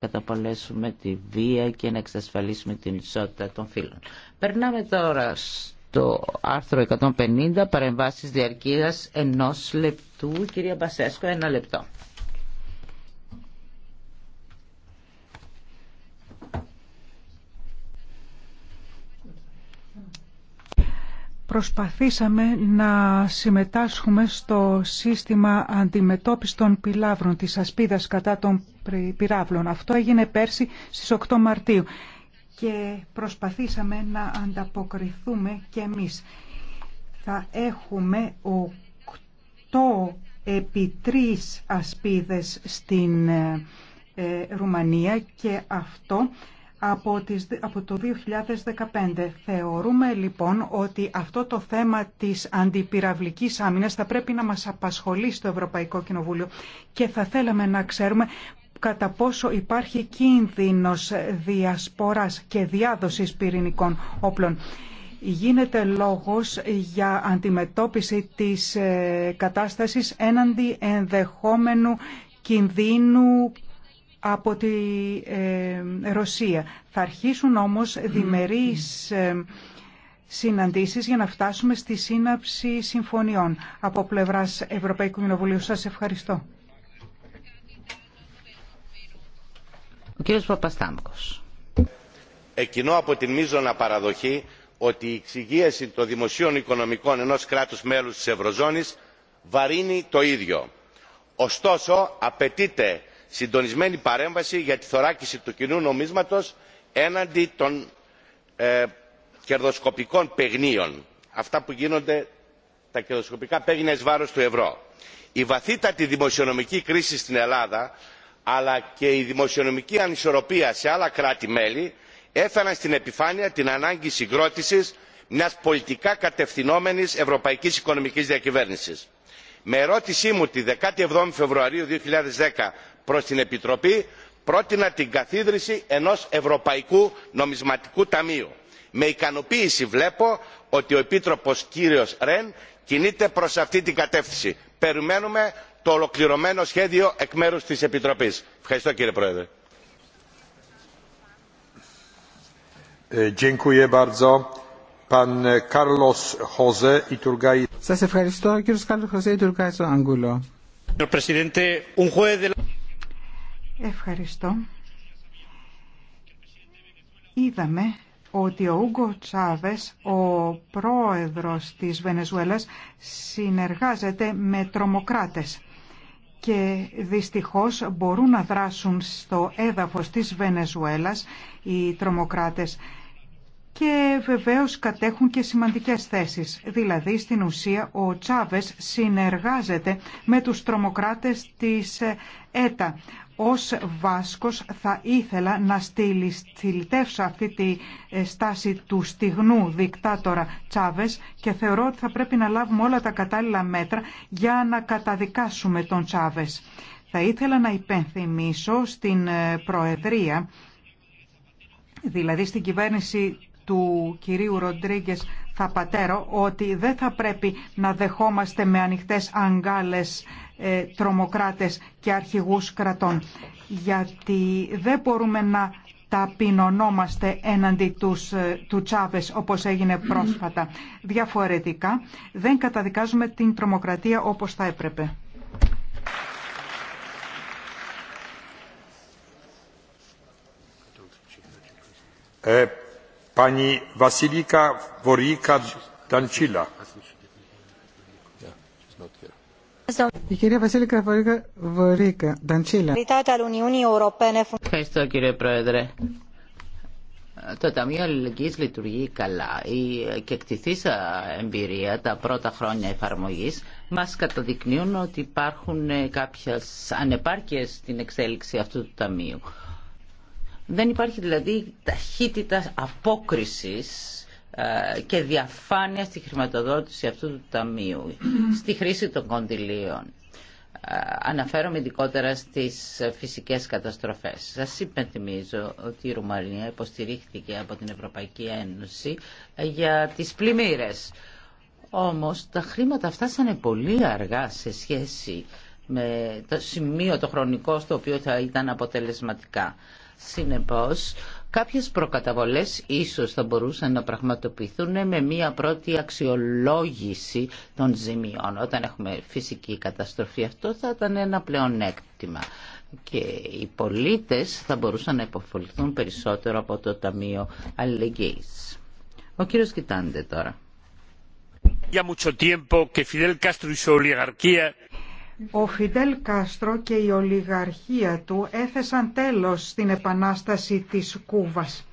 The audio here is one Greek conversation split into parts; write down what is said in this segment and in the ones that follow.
καταπολέσουμε τη βία και να εξασφαλίσουμε την ισότητα των φύλων. Περνάμε τώρα στο άρθρο 150, παρεμβάσεις διαρκείας ενός λεπτού. Κυρία Μπασέσκο, ένα λεπτό. προσπαθήσαμε να συμμετάσχουμε στο σύστημα αντιμετώπισης των πυλάβρων της ασπίδας κατά των πυράβλων. Αυτό έγινε πέρσι στις 8 Μαρτίου και προσπαθήσαμε να ανταποκριθούμε και εμείς. Θα έχουμε 8 επί 3 ασπίδες στην ε, Ρουμανία και αυτό από, τις, από το 2015. Θεωρούμε λοιπόν ότι αυτό το θέμα της αντιπυραυλικής άμυνας θα πρέπει να μας απασχολεί στο Ευρωπαϊκό Κοινοβούλιο και θα θέλαμε να ξέρουμε κατά πόσο υπάρχει κίνδυνος διασποράς και διάδοσης πυρηνικών όπλων. Γίνεται λόγος για αντιμετώπιση της ε, κατάστασης έναντι ενδεχόμενου κινδύνου από τη ε, Ρωσία. Θα αρχίσουν όμως διμερείς ε, συναντήσεις για να φτάσουμε στη σύναψη συμφωνιών. Από πλευράς Ευρωπαϊκού Κοινοβουλίου σας ευχαριστώ. Ο κύριος Παπαστάμκος. Εκείνο από την μείζωνα παραδοχή ότι η εξυγίαση των δημοσίων οικονομικών ενός κράτους μέλους της Ευρωζώνης βαρύνει το ίδιο. Ωστόσο, απαιτείται συντονισμένη παρέμβαση για τη θωράκιση του κοινού νομίσματος έναντι των ε, κερδοσκοπικών παιγνίων αυτά που γίνονται τα κερδοσκοπικά παίγνια εις βάρος του ευρώ. η βαθύτατη δημοσιονομική κρίση στην ελλάδα αλλά και η δημοσιονομική ανισορροπία σε άλλα κράτη μέλη έφεραν στην επιφάνεια την ανάγκη συγκρότησης μιας πολιτικά κατευθυνόμενης ευρωπαϊκής οικονομικής διακυβέρνησης. με ερώτησή μου τη 17η Φεβρουαρίου 2010 προς την επιτροπή πρότεινα την καθίδρυση ενός ευρωπαϊκού νομισματικού ταμείου. με ικανοποίηση βλέπω ότι ο επίτροπος κύριος ρεν κινείται προς αυτή την κατεύθυνση. περιμένουμε το ολοκληρωμένο σχέδιο εκ μέρους της επιτροπής. ευχαριστώ κύριε πρόεδρε. Ε, Σας ευχαριστώ κύριος Κάρλος Ευχαριστώ. Είδαμε ότι ο Ούγκο Τσάβες, ο πρόεδρος της Βενεζουέλας, συνεργάζεται με τρομοκράτες και δυστυχώς μπορούν να δράσουν στο έδαφος της Βενεζουέλας οι τρομοκράτες και βεβαίως κατέχουν και σημαντικές θέσεις. Δηλαδή, στην ουσία, ο Τσάβες συνεργάζεται με τους τρομοκράτες της ΕΤΑ ως Βάσκος θα ήθελα να στυλιτεύσω αυτή τη ε, στάση του στιγνού δικτάτορα Τσάβες και θεωρώ ότι θα πρέπει να λάβουμε όλα τα κατάλληλα μέτρα για να καταδικάσουμε τον Τσάβες. Θα ήθελα να υπενθυμίσω στην ε, Προεδρία, δηλαδή στην κυβέρνηση του κυρίου Ροντρίγκε Θαπατέρο, ότι δεν θα πρέπει να δεχόμαστε με ανοιχτές αγκάλες ε, τρομοκράτες και αρχηγούς κρατών. Γιατί δεν μπορούμε να ταπεινωνόμαστε έναντι τους, ε, του Τσάβες όπως έγινε πρόσφατα. Διαφορετικά δεν καταδικάζουμε την τρομοκρατία όπως θα έπρεπε. Ε, Βασιλίκα Βορίκα Ταντσίλα. Η κυρία Βασίλη Βορίκα, Νταντσίλα. Ευχαριστώ κύριε Πρόεδρε. Το Ταμείο Αλληλεγγύης λειτουργεί καλά. Η κεκτηθήσα εμπειρία τα πρώτα χρόνια εφαρμογής μας καταδεικνύουν ότι υπάρχουν ε, κάποιες ανεπάρκειες στην εξέλιξη αυτού του Ταμείου. Δεν υπάρχει δηλαδή ταχύτητα απόκρισης ε, και διαφάνεια στη χρηματοδότηση αυτού του ταμείου, στη χρήση των κοντιλίων. Ε, αναφέρομαι ειδικότερα στις φυσικές καταστροφές. Σας υπενθυμίζω ότι η Ρουμανία υποστηρίχθηκε από την Ευρωπαϊκή Ένωση ε, για τις πλημμύρες. Όμως τα χρήματα φτάσανε πολύ αργά σε σχέση με το σημείο το χρονικό στο οποίο θα ήταν αποτελεσματικά. Συνεπώς, Κάποιες προκαταβολές ίσως θα μπορούσαν να πραγματοποιηθούν με μία πρώτη αξιολόγηση των ζημιών. Όταν έχουμε φυσική καταστροφή αυτό θα ήταν ένα πλεονέκτημα και οι πολίτες θα μπορούσαν να υποφοληθούν περισσότερο από το Ταμείο Αλληλεγγύης. Ο κύριος κοιτάντε τώρα. Για mucho tiempo que Fidel Castro ο Φιντέλ Κάστρο και η ολιγαρχία του έθεσαν τέλος στην επανάσταση της Κούβας.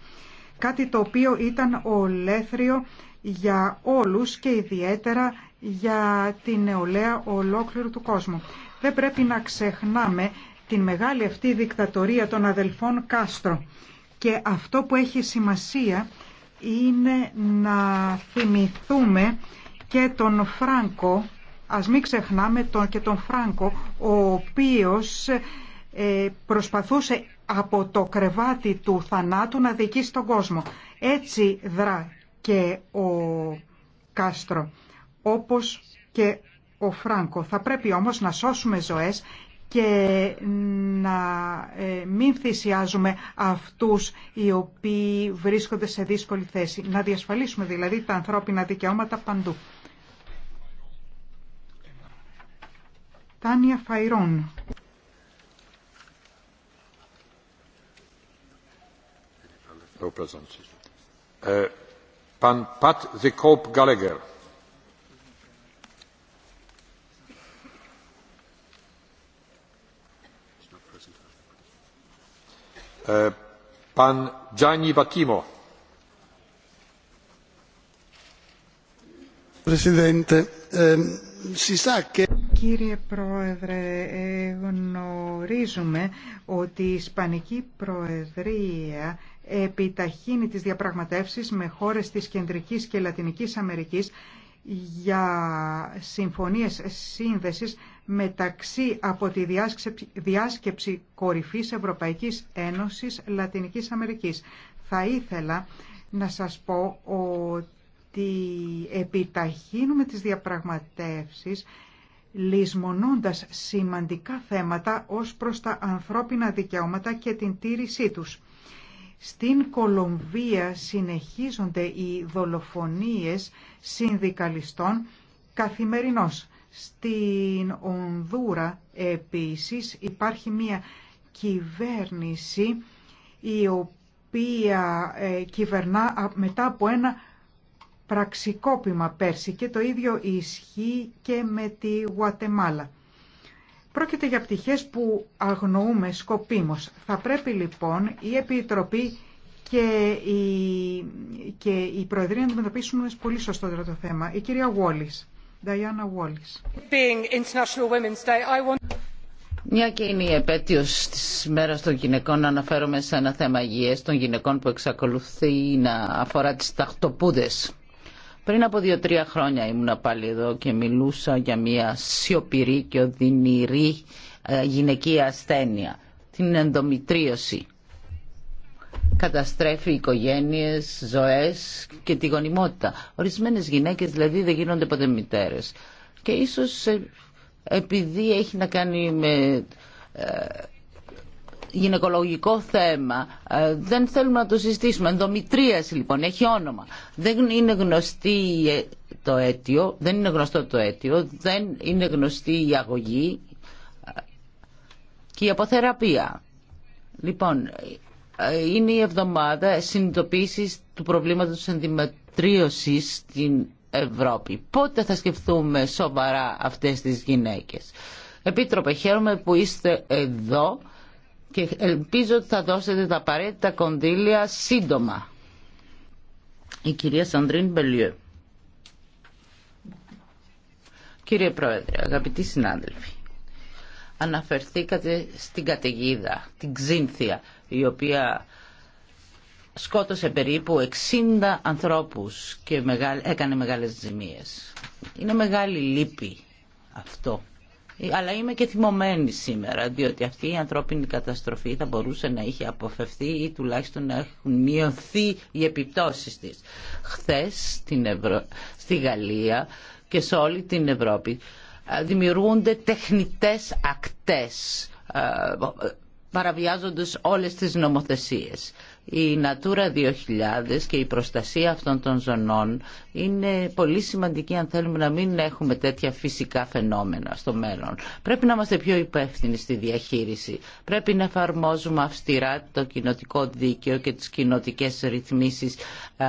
Κάτι το οποίο ήταν ολέθριο για όλους και ιδιαίτερα για την νεολαία ολόκληρου του κόσμου. Δεν πρέπει να ξεχνάμε την μεγάλη αυτή δικτατορία των αδελφών Κάστρο. Και αυτό που έχει σημασία είναι να θυμηθούμε και τον Φράγκο Ας μην ξεχνάμε τον και τον Φράνκο, ο οποίος ε, προσπαθούσε από το κρεβάτι του θανάτου να δικήσει τον κόσμο. Έτσι δρά και ο Κάστρο, όπως και ο Φράνκο. Θα πρέπει όμως να σώσουμε ζωές και να ε, μην θυσιάζουμε αυτούς οι οποίοι βρίσκονται σε δύσκολη θέση. Να διασφαλίσουμε δηλαδή τα ανθρώπινα δικαιώματα παντού. Τάνια Φαϊρών. Παν Πάτ Δικόπ Cope Gallagher. Pan Gianni Presidente, Κύριε Πρόεδρε, ε, γνωρίζουμε ότι η Ισπανική Προεδρία επιταχύνει τις διαπραγματεύσεις με χώρες της Κεντρικής και Λατινικής Αμερικής για συμφωνίες σύνδεσης μεταξύ από τη διάσκεψη, διάσκεψη κορυφής Ευρωπαϊκής Ένωσης Λατινικής Αμερικής. Θα ήθελα να σας πω ότι επιταχύνουμε τις διαπραγματεύσεις λησμονώντας σημαντικά θέματα ως προς τα ανθρώπινα δικαιώματα και την τήρησή τους. Στην Κολομβία συνεχίζονται οι δολοφονίες συνδικαλιστών καθημερινώς. Στην Ονδούρα επίσης υπάρχει μια κυβέρνηση η οποία ε, κυβερνά μετά από ένα πραξικόπημα πέρσι και το ίδιο ισχύει και με τη Γουατεμάλα. Πρόκειται για πτυχές που αγνοούμε σκοπίμως. Θα πρέπει λοιπόν η Επιτροπή και η, και η Προεδρία να αντιμετωπίσουν πολύ σωστότερα το θέμα. Η κυρία Wallis, Diana Wallis. Μια και είναι η επέτειο τη μέρα των γυναικών αναφέρομαι σε ένα θέμα υγεία των γυναικών που εξακολουθεί να αφορά τι ταχτοπούδε. Πριν από δύο-τρία χρόνια ήμουν πάλι εδώ και μιλούσα για μια σιωπηρή και οδυνηρή ε, γυναική ασθένεια, την ενδομητρίωση. Καταστρέφει οικογένειες, ζωές και τη γονιμότητα. Ορισμένες γυναίκες δηλαδή δεν γίνονται ποτέ μητέρες. Και ίσως ε, επειδή έχει να κάνει με ε, γυναικολογικό θέμα. Ε, δεν θέλουμε να το συζητήσουμε. Ενδομητρίαση λοιπόν, έχει όνομα. Δεν είναι γνωστή ε, το αίτιο, δεν είναι γνωστό το αίτιο, δεν είναι γνωστή η αγωγή ε, και η αποθεραπεία. Λοιπόν, είναι η εβδομάδα συνειδητοποίηση του προβλήματος της στην Ευρώπη. Πότε θα σκεφτούμε σοβαρά αυτές τις γυναίκες. Επίτροπε, χαίρομαι που είστε εδώ και ελπίζω ότι θα δώσετε τα απαραίτητα κονδύλια σύντομα. Η κυρία Σαντρίν Μπελιέ. Κύριε Πρόεδρε, αγαπητοί συνάδελφοι, αναφερθήκατε στην καταιγίδα, την Ξύνθια, η οποία σκότωσε περίπου 60 ανθρώπους και έκανε μεγάλες ζημίες. Είναι μεγάλη λύπη αυτό αλλά είμαι και θυμωμένη σήμερα, διότι αυτή η ανθρώπινη καταστροφή θα μπορούσε να είχε αποφευθεί ή τουλάχιστον να έχουν μειωθεί οι επιπτώσεις της. Χθες στη Γαλλία και σε όλη την Ευρώπη δημιουργούνται τεχνητές ακτές, παραβιάζοντας όλες τις νομοθεσίες. Η Natura 2000 και η προστασία αυτών των ζωνών είναι πολύ σημαντική αν θέλουμε να μην έχουμε τέτοια φυσικά φαινόμενα στο μέλλον. Πρέπει να είμαστε πιο υπεύθυνοι στη διαχείριση. Πρέπει να εφαρμόζουμε αυστηρά το κοινοτικό δίκαιο και τις κοινοτικές ρυθμίσεις ε,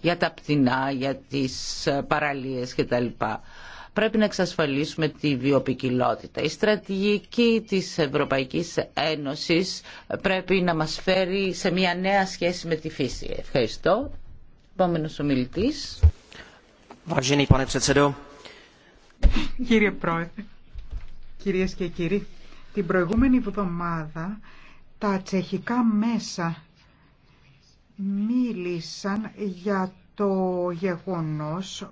για τα πτηνά, για τις ε, παραλίες κτλ. Πρέπει να εξασφαλίσουμε τη βιοπικιλότητα. Η στρατηγική της Ευρωπαϊκής Ένωσης πρέπει να μας φέρει σε μια νέα σχέση με τη φύση. Ευχαριστώ. Επόμενος ομιλητής. Κύριε Πρόεδρε, κυρίες και κύριοι, την προηγούμενη εβδομάδα τα τσεχικά μέσα μίλησαν για το γεγονός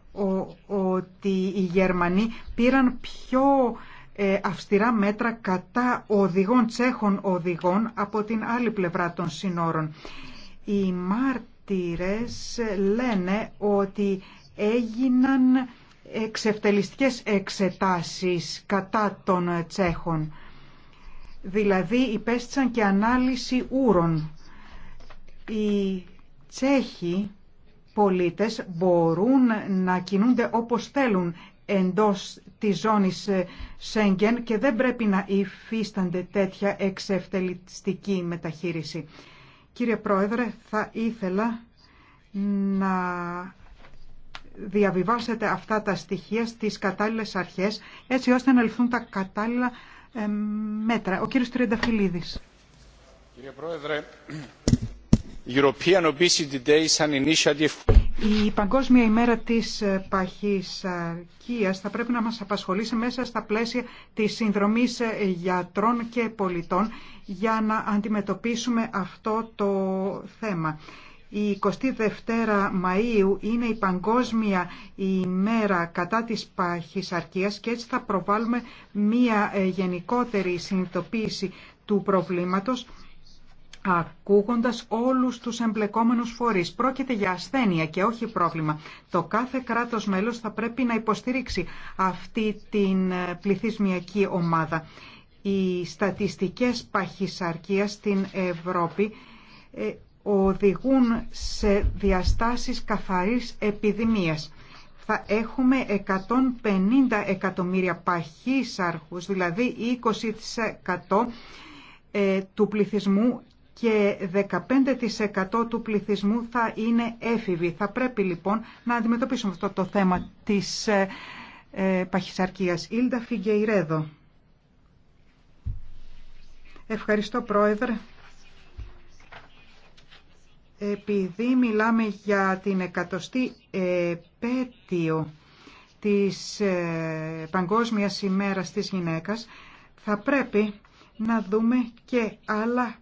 ότι οι Γερμανοί πήραν πιο ε, αυστηρά μέτρα κατά οδηγών, τσέχων οδηγών από την άλλη πλευρά των συνόρων. Οι μάρτυρες λένε ότι έγιναν εξευτελιστικές εξετάσεις κατά των τσέχων. Δηλαδή υπέστησαν και ανάλυση ούρων. Οι Τσέχοι πολίτες μπορούν να κινούνται όπως θέλουν εντός της ζώνης ε, Σέγγεν και δεν πρέπει να υφίστανται τέτοια εξευτελιστική μεταχείριση. Κύριε Πρόεδρε, θα ήθελα να διαβιβάσετε αυτά τα στοιχεία στις κατάλληλες αρχές έτσι ώστε να ληφθούν τα κατάλληλα ε, μέτρα. Ο κύριος Τριανταφυλλίδης. Κύριε Πρόεδρε, η Παγκόσμια ημέρα της ε, παχυσαρκίας θα πρέπει να μας απασχολήσει μέσα στα πλαίσια της συνδρομής ε, γιατρών και πολιτών για να αντιμετωπίσουμε αυτό το θέμα. Η 22η Μαΐου είναι η παγκόσμια ημέρα κατά της παχυσαρκίας και έτσι θα προβάλλουμε μία ε, γενικότερη συνειδητοποίηση του προβλήματος ακούγοντας όλους τους εμπλεκόμενους φορείς. Πρόκειται για ασθένεια και όχι πρόβλημα. Το κάθε κράτος μέλος θα πρέπει να υποστηρίξει αυτή την ε, πληθυσμιακή ομάδα. Οι στατιστικές παχυσαρκίας στην Ευρώπη ε, οδηγούν σε διαστάσεις καθαρής επιδημίας. Θα έχουμε 150 εκατομμύρια παχύσαρχους, δηλαδή 20% ε, του πληθυσμού και 15% του πληθυσμού θα είναι έφηβοι. Θα πρέπει λοιπόν να αντιμετωπίσουμε αυτό το θέμα της ε, ε παχυσαρκίας. Ήλντα Φιγκεϊρέδο. Ευχαριστώ Πρόεδρε. Επειδή μιλάμε για την εκατοστή επέτειο της ε, Παγκόσμιας ημέρας της γυναίκας, θα πρέπει να δούμε και άλλα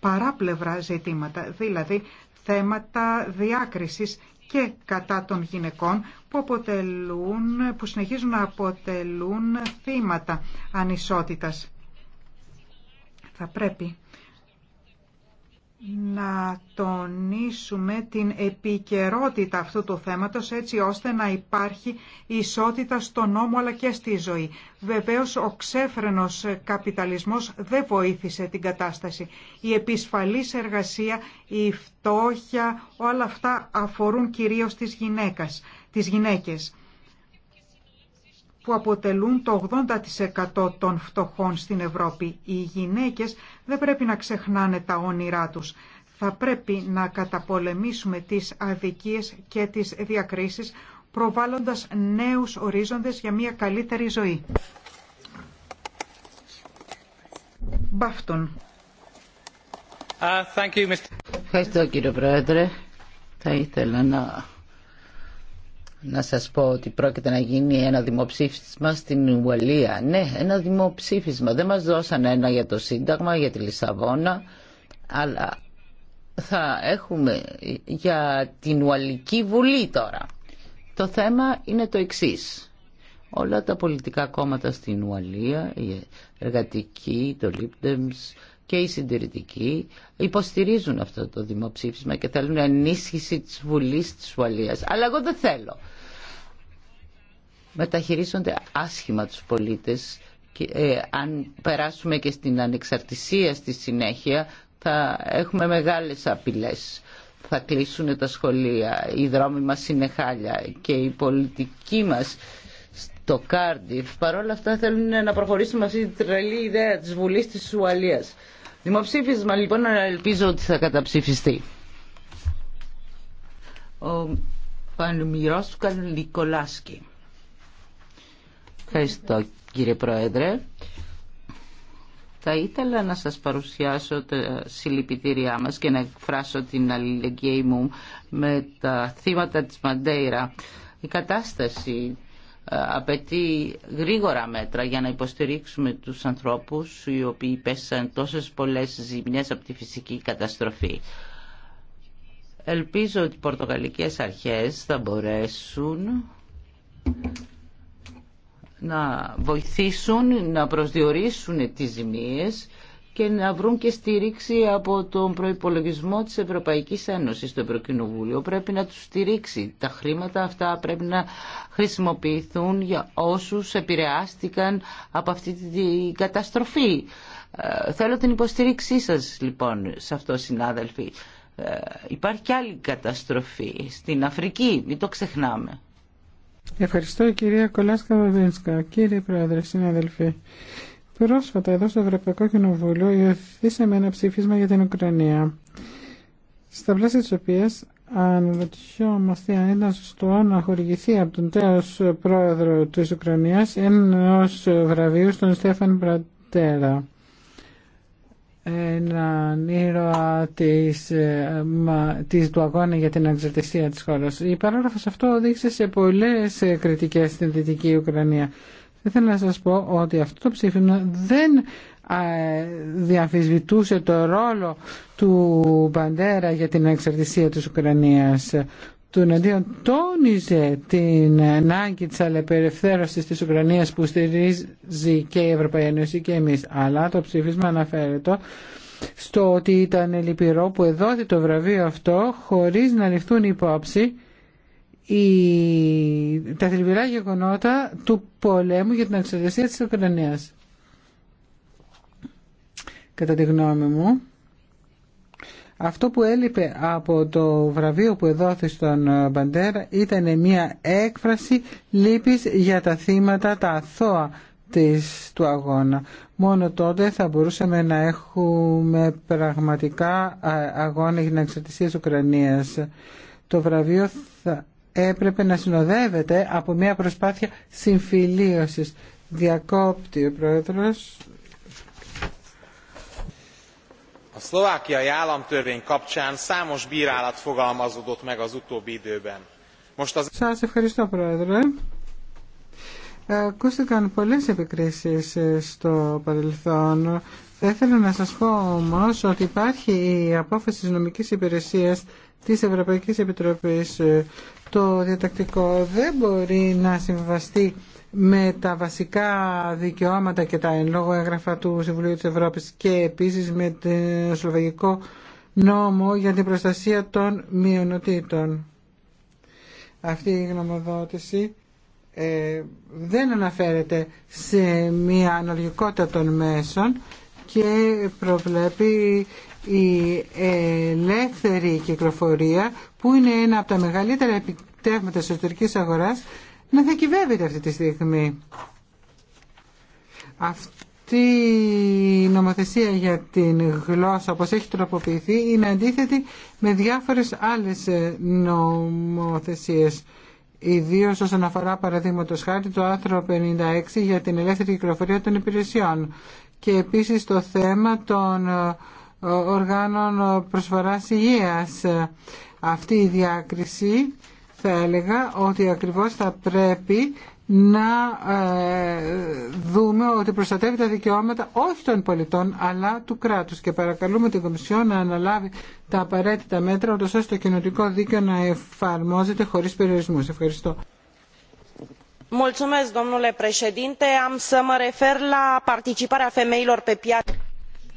παράπλευρα ζητήματα, δηλαδή θέματα διάκρισης και κατά των γυναικών που, αποτελούν, που συνεχίζουν να αποτελούν θύματα ανισότητας. Θα πρέπει να τονίσουμε την επικαιρότητα αυτού του θέματος έτσι ώστε να υπάρχει ισότητα στον νόμο αλλά και στη ζωή. Βεβαίως ο ξέφρενος καπιταλισμός δεν βοήθησε την κατάσταση. Η επισφαλής εργασία, η φτώχεια, όλα αυτά αφορούν κυρίως τις, γυναίκες, τις γυναίκες που αποτελούν το 80% των φτωχών στην Ευρώπη. Οι γυναίκες δεν πρέπει να ξεχνάνε τα όνειρά τους. Θα πρέπει να καταπολεμήσουμε τις αδικίες και τις διακρίσεις προβάλλοντας νέους ορίζοντες για μια καλύτερη ζωή. Μπαύτον. Uh, Ευχαριστώ κύριε Πρόεδρε. Θα ήθελα να να σας πω ότι πρόκειται να γίνει ένα δημοψήφισμα στην Ουαλία. Ναι, ένα δημοψήφισμα. Δεν μας δώσαν ένα για το Σύνταγμα, για τη Λισαβόνα, αλλά θα έχουμε για την Ουαλική Βουλή τώρα. Το θέμα είναι το εξής. Όλα τα πολιτικά κόμματα στην Ουαλία, η Εργατική, το Λίπτεμς, και οι συντηρητικοί υποστηρίζουν αυτό το δημοψήφισμα και θέλουν ενίσχυση της Βουλής της Ουαλίας. Αλλά εγώ δεν θέλω. Μεταχειρίζονται άσχημα τους πολίτες και ε, αν περάσουμε και στην ανεξαρτησία στη συνέχεια θα έχουμε μεγάλες απειλές. Θα κλείσουν τα σχολεία, οι δρόμοι μας είναι χάλια και η πολιτική μας στο Κάρντιφ παρόλα αυτά θέλουν να προχωρήσουμε αυτή τη τρελή ιδέα της Βουλής της Ουαλίας. Δημοψήφισμα λοιπόν ελπίζω ότι θα καταψηφιστεί. Ο Πανμυρόσκαν Νικολάσκη. Ευχαριστώ κύριε Πρόεδρε. Θα ήθελα να σας παρουσιάσω τα συλληπιτήριά μας και να εκφράσω την αλληλεγγύη μου με τα θύματα της Μαντέιρα. Η κατάσταση ε, απαιτεί γρήγορα μέτρα για να υποστηρίξουμε τους ανθρώπους οι οποίοι πέσαν τόσες πολλές ζημιές από τη φυσική καταστροφή. Ελπίζω ότι οι πορτογαλικές αρχές θα μπορέσουν να βοηθήσουν να προσδιορίσουν τις ζημίες και να βρουν και στήριξη από τον προϋπολογισμό της Ευρωπαϊκής Ένωσης στο Ευρωκοινοβούλιο. Πρέπει να τους στηρίξει. Τα χρήματα αυτά πρέπει να χρησιμοποιηθούν για όσους επηρεάστηκαν από αυτή την καταστροφή. Ε, θέλω την υποστήριξή σας λοιπόν σε αυτό συνάδελφοι. Ε, υπάρχει και άλλη καταστροφή στην Αφρική, μην το ξεχνάμε. Ευχαριστώ κυρία Κολάσκα Βαβίνσκα. Κύριε Πρόεδρε, συνάδελφοι. Πρόσφατα εδώ στο Ευρωπαϊκό Κοινοβούλιο υιοθετήσαμε ένα ψήφισμα για την Ουκρανία, στα πλαίσια τη οποία αναρωτιόμαστε αν ήταν σωστό να χορηγηθεί από τον τέος πρόεδρο τη Ουκρανίας ενό βραβείου στον Στέφαν Πρατέρα έναν ήρωα της, ε, της, του αγώνα για την εξαρτησία τη χώρα. Η παράγραφος αυτό οδήγησε σε πολλέ ε, κριτικέ στην Δυτική Ουκρανία. Θέλω να σας πω ότι αυτό το ψήφισμα δεν διαφυσβητούσε το ρόλο του Παντέρα για την εξαρτησία της Ουκρανίας του εναντίον τόνιζε την ανάγκη της αλεπερευθέρωσης της Ουκρανίας που στηρίζει και η Ευρωπαϊκή Ένωση και εμείς. Αλλά το ψήφισμα αναφέρεται στο ότι ήταν λυπηρό που εδόθη το βραβείο αυτό χωρίς να ληφθούν υπόψη τα θλιβερά γεγονότα του πολέμου για την εξαρτησία της Ουκρανίας. Κατά τη γνώμη μου, αυτό που έλειπε από το βραβείο που εδόθη στον Μπαντέρα ήταν μια έκφραση λύπης για τα θύματα, τα αθώα της, του αγώνα. Μόνο τότε θα μπορούσαμε να έχουμε πραγματικά αγώνα για την εξαρτησία της Ουκρανίας. Το βραβείο θα έπρεπε να συνοδεύεται από μια προσπάθεια συμφιλίωσης. Διακόπτει ο Πρόεδρος. A Σας ευχαριστώ, Πρόεδρε. Ακούστηκαν πολλές επικρίσεις ε, στο παρελθόν. Θα ήθελα να σας πω όμως ότι υπάρχει η απόφαση της νομικής υπηρεσίας της Ευρωπαϊκής Επιτροπής ε, το διατακτικό δεν μπορεί να συμβαστεί με τα βασικά δικαιώματα και τα εν λόγω έγγραφα του Συμβουλίου της Ευρώπης και επίσης με το Σλοβαγικό νόμο για την προστασία των μειονοτήτων. Αυτή η γνωμοδότηση ε, δεν αναφέρεται σε μια αναλογικότητα των μέσων και προβλέπει η ελεύθερη κυκλοφορία που είναι ένα από τα μεγαλύτερα επιτεύγματα της εσωτερικής αγοράς να θεκυβεύεται αυτή τη στιγμή. Αυτή η νομοθεσία για την γλώσσα όπως έχει τροποποιηθεί είναι αντίθετη με διάφορες άλλες νομοθεσίες. Ιδίω όσον αφορά παραδείγματο χάρη το άρθρο 56 για την ελεύθερη κυκλοφορία των υπηρεσιών και επίσης το θέμα των οργάνων προσφοράς υγείας. Αυτή η διάκριση θα έλεγα ότι ακριβώς θα πρέπει να ε, δούμε ότι προστατεύει τα δικαιώματα όχι των πολιτών αλλά του κράτους και παρακαλούμε την Κομισιό να αναλάβει τα απαραίτητα μέτρα ώστε το κοινωτικό δίκαιο να εφαρμόζεται χωρίς περιορισμούς. Ευχαριστώ. Mulțumesc, domnule președinte.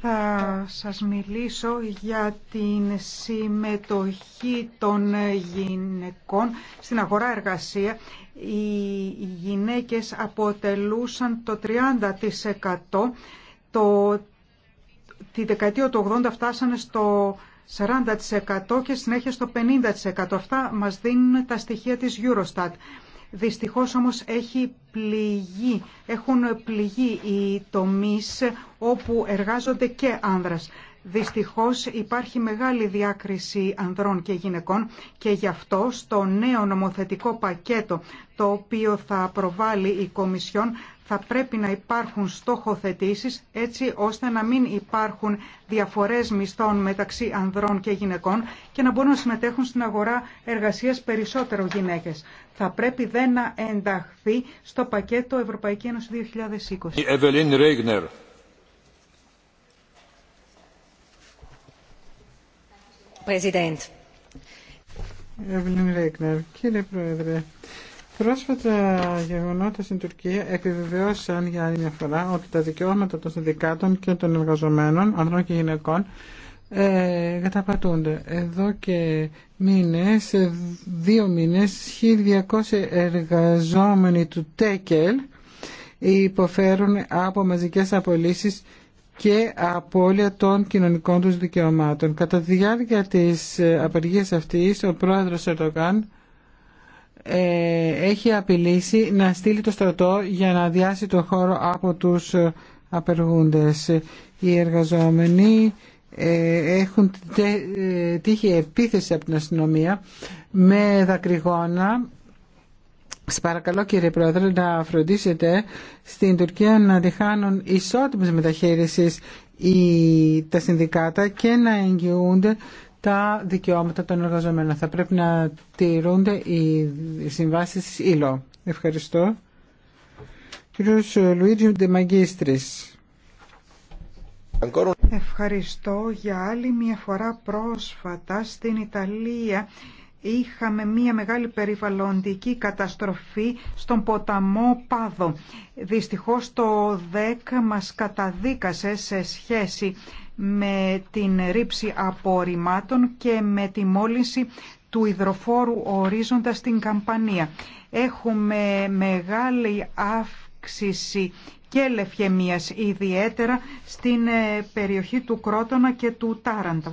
Θα σας μιλήσω για την συμμετοχή των γυναικών στην αγορά εργασία. Οι γυναίκες αποτελούσαν το 30%. Το, τη δεκαετία του 80 φτάσανε στο 40% και συνέχεια στο 50%. Αυτά μας δίνουν τα στοιχεία της Eurostat. Δυστυχώς όμως έχει έχουν πληγεί οι τομείς όπου εργάζονται και άνδρας. Δυστυχώς υπάρχει μεγάλη διάκριση ανδρών και γυναικών και γι' αυτό στο νέο νομοθετικό πακέτο το οποίο θα προβάλλει η Κομισιόν θα πρέπει να υπάρχουν στόχοθετήσεις έτσι ώστε να μην υπάρχουν διαφορές μισθών μεταξύ ανδρών και γυναικών και να μπορούν να συμμετέχουν στην αγορά εργασίας περισσότερο γυναίκες. Θα πρέπει δεν να ενταχθεί στο πακέτο Ευρωπαϊκή Ένωση 2020. κύριε Πρόεδρε, Πρόσφατα γεγονότα στην Τουρκία επιβεβαιώσαν για άλλη μια φορά ότι τα δικαιώματα των συνδικάτων και των εργαζομένων, ανδρών και γυναικών, ε, καταπατούνται. Εδώ και μήνες, ε, δύο μήνες, 1.200 εργαζόμενοι του ΤΕΚΕΛ υποφέρουν από μαζικές απολύσεις και απώλεια των κοινωνικών τους δικαιωμάτων. Κατά τη διάρκεια της απεργίας αυτής, ο πρόεδρος Ερτογάν ε, έχει απειλήσει να στείλει το στρατό για να αδειάσει το χώρο από τους ε, απεργούντες. Οι εργαζόμενοι ε, έχουν τύχει επίθεση από την αστυνομία με δακρυγόνα. Σας παρακαλώ κύριε Πρόεδρε να φροντίσετε στην Τουρκία να διχάνουν ισότιμες μεταχείρισης τα συνδικάτα και να εγγυούνται τα δικαιώματα των εργαζομένων. Θα πρέπει να τηρούνται οι συμβάσεις ΙΛΟ. Ευχαριστώ. Κύριος Λουίτζιου Ντεμαγκίστρης. Ευχαριστώ για άλλη μια φορά πρόσφατα στην Ιταλία είχαμε μια μεγάλη περιβαλλοντική καταστροφή στον ποταμό Πάδο. Δυστυχώς το ΔΕΚ μας καταδίκασε σε σχέση με την ρήψη απορριμμάτων και με τη μόλυνση του υδροφόρου ορίζοντα στην Καμπανία. Έχουμε μεγάλη αύξηση και λευκαιμίας, ιδιαίτερα στην ε, περιοχή του Κρότονα και του Τάραντο.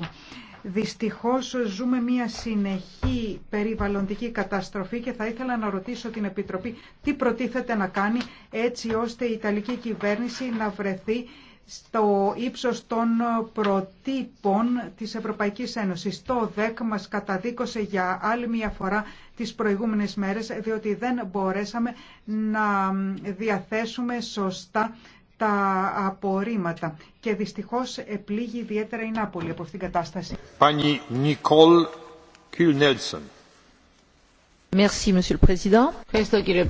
Δυστυχώς ζούμε μια συνεχή περιβαλλοντική καταστροφή και θα ήθελα να ρωτήσω την Επιτροπή τι προτίθεται να κάνει έτσι ώστε η Ιταλική κυβέρνηση να βρεθεί στο ύψος των προτύπων της Ευρωπαϊκής Ένωσης. Το ΔΕΚ μας καταδίκωσε για άλλη μια φορά τις προηγούμενες μέρες, διότι δεν μπορέσαμε να διαθέσουμε σωστά τα απορρίμματα. Και δυστυχώς επλήγει ιδιαίτερα η Νάπολη από αυτήν την κατάσταση. Πάνι Νικόλ Merci, Ευχαριστώ κύριε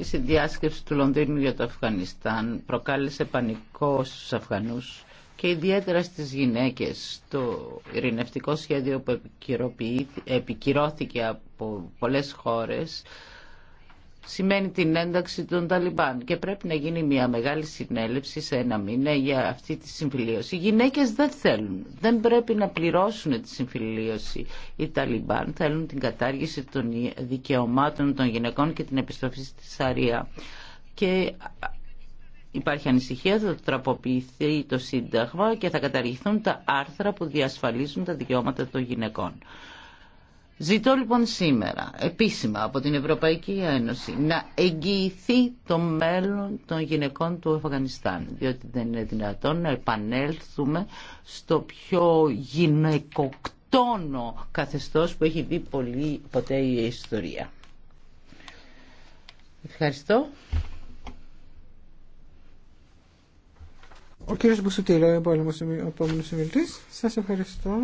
η συνδιάσκεψη του Λονδίνου για το Αφγανιστάν προκάλεσε πανικό στους Αφγανούς και ιδιαίτερα στις γυναίκες. Το ειρηνευτικό σχέδιο που επικυρώθηκε από πολλές χώρες σημαίνει την ένταξη των Ταλιμπάν και πρέπει να γίνει μια μεγάλη συνέλευση σε ένα μήνα για αυτή τη συμφιλίωση. Οι γυναίκες δεν θέλουν, δεν πρέπει να πληρώσουν τη συμφιλίωση. Οι Ταλιμπάν θέλουν την κατάργηση των δικαιωμάτων των γυναικών και την επιστροφή στη Σαρία. Και Υπάρχει ανησυχία, θα τραποποιηθεί το Σύνταγμα και θα καταργηθούν τα άρθρα που διασφαλίζουν τα δικαιώματα των γυναικών. Ζητώ λοιπόν σήμερα επίσημα από την Ευρωπαϊκή Ένωση να εγγυηθεί το μέλλον των γυναικών του Αφγανιστάν διότι δεν είναι δυνατόν να επανέλθουμε στο πιο γυναικοκτόνο καθεστώς που έχει δει πολύ ποτέ η ιστορία. Ευχαριστώ. Ο κύριος Μπουσουτήρα, ο επόμενος συμβιλτής. Σας ευχαριστώ.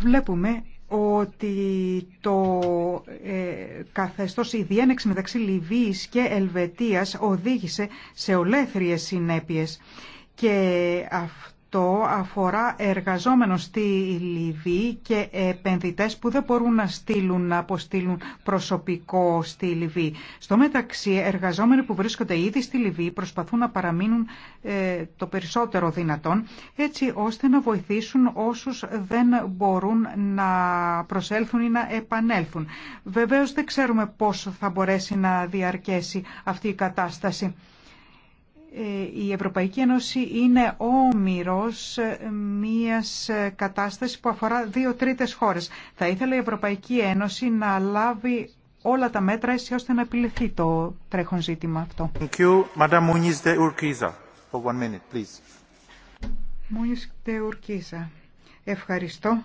Βλέπουμε ότι το ε, καθεστώς η διένεξη μεταξύ Λιβύης και Ελβετίας οδήγησε σε ολέθριες συνέπειες και αυτό αυτό αφορά εργαζόμενο στη Λιβύη και επενδυτές που δεν μπορούν να στείλουν, να αποστείλουν προσωπικό στη Λιβύη. Στο μεταξύ, εργαζόμενοι που βρίσκονται ήδη στη Λιβύη προσπαθούν να παραμείνουν ε, το περισσότερο δυνατόν, έτσι ώστε να βοηθήσουν όσους δεν μπορούν να προσέλθουν ή να επανέλθουν. Βεβαίως δεν ξέρουμε πόσο θα μπορέσει να διαρκέσει αυτή η κατάσταση η Ευρωπαϊκή Ένωση είναι όμοιρος μιας κατάστασης που αφορά δύο τρίτες χώρες. Θα ήθελε η Ευρωπαϊκή Ένωση να λάβει όλα τα μέτρα έτσι ώστε να επιληθεί το τρέχον ζήτημα αυτό. Ευχαριστώ.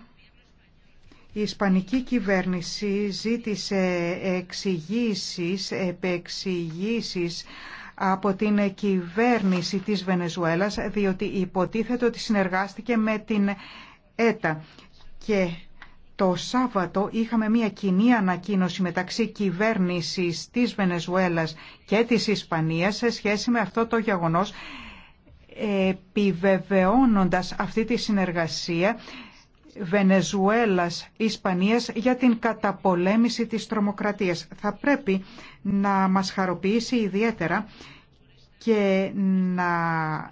Η Ισπανική κυβέρνηση ζήτησε εξηγήσεις, επεξηγήσεις από την κυβέρνηση της Βενεζουέλας, διότι υποτίθεται ότι συνεργάστηκε με την ΕΤΑ. Και το Σάββατο είχαμε μια κοινή ανακοίνωση μεταξύ κυβέρνησης της Βενεζουέλας και της Ισπανίας σε σχέση με αυτό το γεγονός, επιβεβαιώνοντας αυτή τη συνεργασία Βενεζουέλας, Ισπανίας για την καταπολέμηση της τρομοκρατίας. Θα πρέπει να μας χαροποιήσει ιδιαίτερα και να